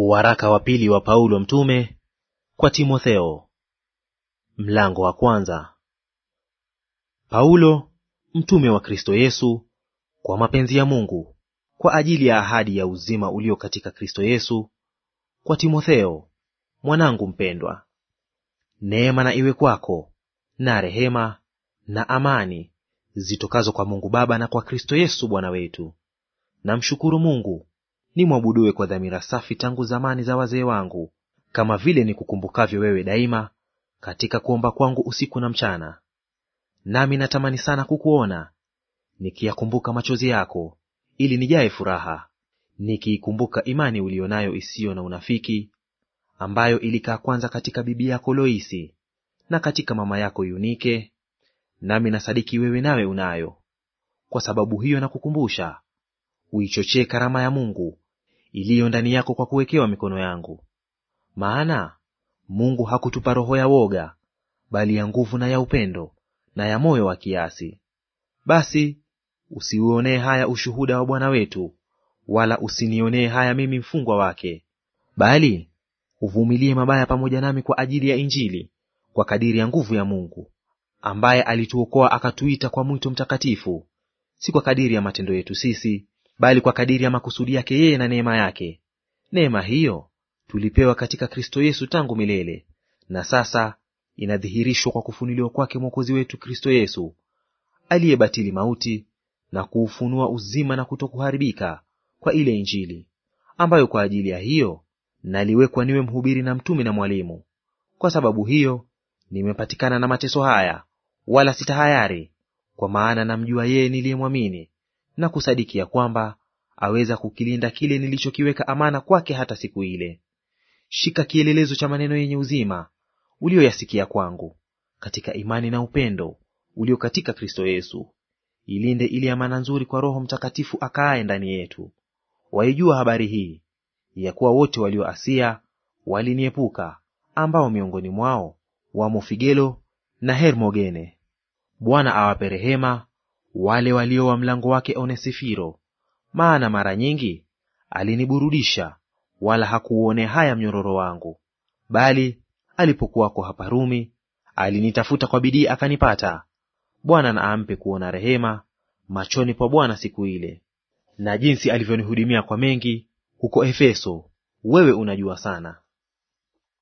Waraka wa pili wa Paulo mtume kwa Timotheo, mlango wa kwanza. Paulo mtume wa Kristo Yesu, kwa mapenzi ya Mungu, kwa ajili ya ahadi ya uzima ulio katika Kristo Yesu, kwa Timotheo mwanangu mpendwa. Neema na iwe kwako na rehema na amani zitokazo kwa Mungu Baba na kwa Kristo Yesu Bwana wetu. Namshukuru Mungu nimwabuduwe kwa dhamira safi tangu zamani za wazee wangu, kama vile nikukumbukavyo wewe daima katika kuomba kwangu usiku na mchana. Nami natamani sana kukuona, nikiyakumbuka machozi yako, ili nijae furaha, nikiikumbuka imani uliyo nayo isiyo na unafiki, ambayo ilikaa kwanza katika bibi yako Loisi na katika mama yako Yunike, nami nasadiki wewe nawe unayo. Kwa sababu hiyo nakukumbusha uichochee karama ya Mungu iliyo ndani yako kwa kuwekewa mikono yangu. Maana Mungu hakutupa roho ya woga, bali ya nguvu na ya upendo na ya moyo wa kiasi. Basi usiuonee haya ushuhuda wa Bwana wetu, wala usinionee haya mimi mfungwa wake, bali uvumilie mabaya pamoja nami kwa ajili ya Injili, kwa kadiri ya nguvu ya Mungu, ambaye alituokoa akatuita kwa mwito mtakatifu, si kwa kadiri ya matendo yetu sisi, bali kwa kadiri ya makusudi yake yeye na neema yake. Neema hiyo tulipewa katika Kristo Yesu tangu milele, na sasa inadhihirishwa kwa kufunuliwa kwake Mwokozi wetu Kristo Yesu, aliyebatili mauti na kuufunua uzima na kutokuharibika kwa ile Injili, ambayo kwa ajili ya hiyo naliwekwa niwe mhubiri na mtume na mwalimu. Kwa sababu hiyo nimepatikana na mateso haya, wala sitahayari, kwa maana namjua yeye niliyemwamini na kusadikia kwamba aweza kukilinda kile nilichokiweka amana kwake hata siku ile. Shika kielelezo cha maneno yenye uzima uliyoyasikia kwangu katika imani na upendo ulio katika Kristo Yesu. Ilinde ile amana nzuri kwa Roho Mtakatifu akaaye ndani yetu. Waijua habari hii ya kuwa wote walioasia waliniepuka, ambao miongoni mwao wamo Figelo na Hermogene. Bwana awape rehema wale walio wa mlango wake Onesifiro, maana mara nyingi aliniburudisha, wala hakuuonea haya mnyororo wangu. Bali alipokuwako hapa Rumi, alinitafuta kwa bidii akanipata. Bwana na ampe kuona rehema machoni pa Bwana siku ile. Na jinsi alivyonihudumia kwa mengi huko Efeso, wewe unajua sana.